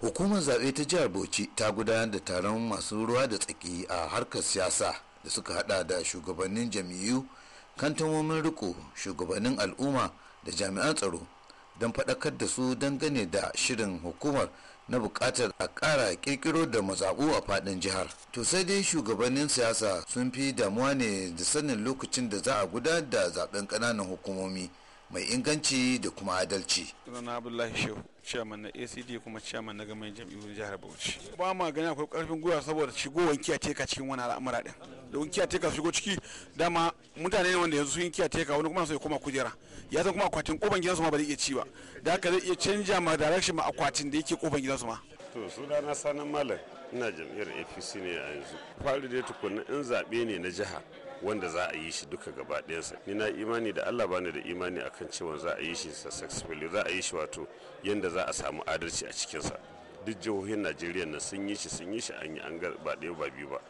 hukumar zaɓe ta jihar bauchi ta gudanar da taron masu ruwa da tsaki a harkar siyasa da suka hada da shugabannin jam'iyyu kantamomin riko shugabannin al'umma da jami'an tsaro don faɗakar da su dangane da shirin hukumar na buƙatar a ƙara ƙirƙiro da mazaɓu a faɗin jihar to sai dai shugabannin siyasa sun fi damuwa ne da sanin lokacin da za a gudanar da zaɓen ƙananan hukumomi mai inganci da kuma adalci. Sunana Abdullahi Shehu, chairman na ACD kuma chairman na gamayin jam'iyyun jihar Bauchi. Ba ma gani akwai karfin gwiwa saboda shigowar kiyateka cikin wani al'amura din. Domin kiyateka shigo ciki dama mutane ne wanda yanzu sun kiyateka wani kuma sai ya koma kujera. Ya san kuma akwatin koban gidansu ma ba zai iya ci ba. Da haka zai iya canja ma direction ma akwatin da yake koban gidansu ma. to na sanan malam ina jam'iyyar apc ne a yanzu fari dai tukunna in zaɓe ne na jiha wanda za a yi shi duka gaba ɗayansa ni na imani da allah bani da imani akan cewa za a yi shi successfully za a yi shi wato yanda za a samu adalci a cikinsa duk jihohin najeriya na sun yi shi sun yi shi an yi an ba ɗaya ba biyu ba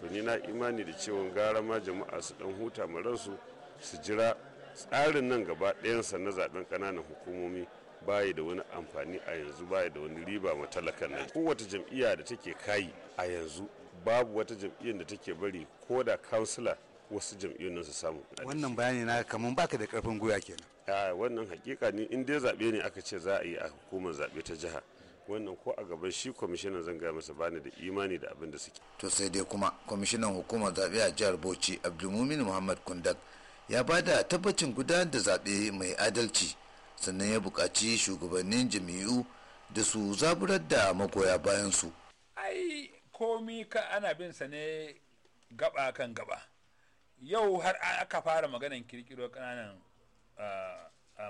to ni na imani da cewa gara ma jama'a su dan huta ma ransu su jira tsarin nan gaba ɗayansa na zaɓen ƙananan hukumomi baya da wani amfani a yanzu baya da wani riba ma talakan nan kowace jam'iyya da take kayi a yanzu babu wata jam'iyyar da take bari ko da kansila wasu jam'iyyun nan su samu wannan bayani na kamar baka da karfin goya kenan a wannan hakika ne in dai zabe ne aka ce za a yi a hukumar zabe ta jiha wannan ko a gaban shi kwamishinan zan gaya masa bani da imani da abin da suke to sai dai kuma kwamishinan hukumar zaɓe a jihar bauchi abdulmumin muhammad kundak ya bada tabbacin gudanar da zaɓe mai adalci sannan ya buƙaci shugabannin jami'u da su zaburar da magoya bayansu ai komi ka ana bin sa ne gaba kan gaba yau har aka fara maganan kirkiro kananan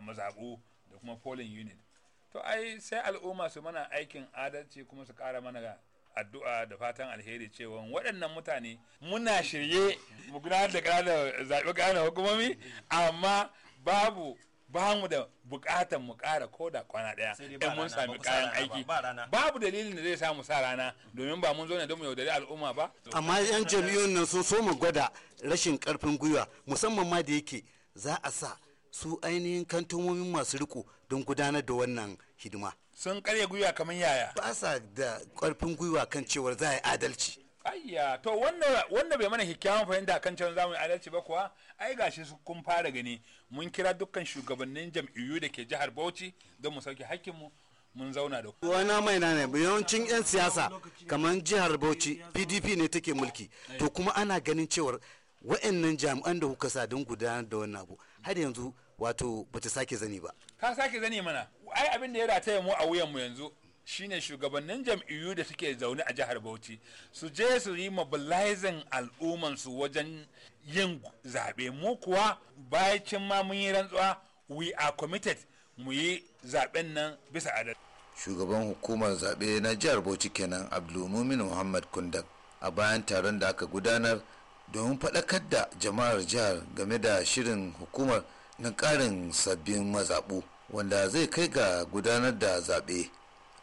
mazaɓu da kuma polling unit to ai sai al'umma su mana aikin adalci kuma su ƙara mana addu'a da fatan alheri cewa waɗannan mutane muna shirye mu gudanar da ƙananan zaɓe ƙananan hukumomi amma babu ba mu da bukatan mu kara da kwana daya in mun sami kayan aiki babu dalilin da zai samu sa rana domin ba mun zo ne don mu yaudari al'umma ba amma yan jami'un nan sun so mu gwada rashin karfin gwiwa musamman ma da yake za a sa su ainihin kantomomin masu riko don gudanar da wannan hidima sun karya gwiwa kamar yaya ba sa da karfin gwiwa kan cewar za a yi adalci ayya to wanda bai mana kyakkyawan fahimta kan can zamu adalci ba kuwa ai gashi su kun fara gani mun kira dukkan shugabannin jam'iyyu da ke jihar Bauchi don mu sauke hakkinmu mun zauna da ku. Wani mai na ne yawancin 'yan siyasa kamar jihar Bauchi PDP ne take mulki to kuma ana ganin cewar wa'annan jami'an da kuka sa don gudanar da wannan abu har yanzu wato bata sake zani ba. Ka sake zani mana ai abin da ya rataya mu a wuyan mu yanzu shine shugabannin jam'iyyu da suke zaune a jihar bauchi su je su yi mobilizing al'ummansu wajen yin zaɓe mu kuwa bayan ma mun yi rantsuwa we are committed mu yi zaɓen nan bisa adalci shugaban hukumar zaɓe na jihar bauchi kenan abdulmumin muhammad kundak a bayan taron da aka gudanar domin faɗakar da jama'ar jihar game da shirin hukumar na ƙarin sabbin mazaɓu wanda zai kai ga gudanar da zaɓe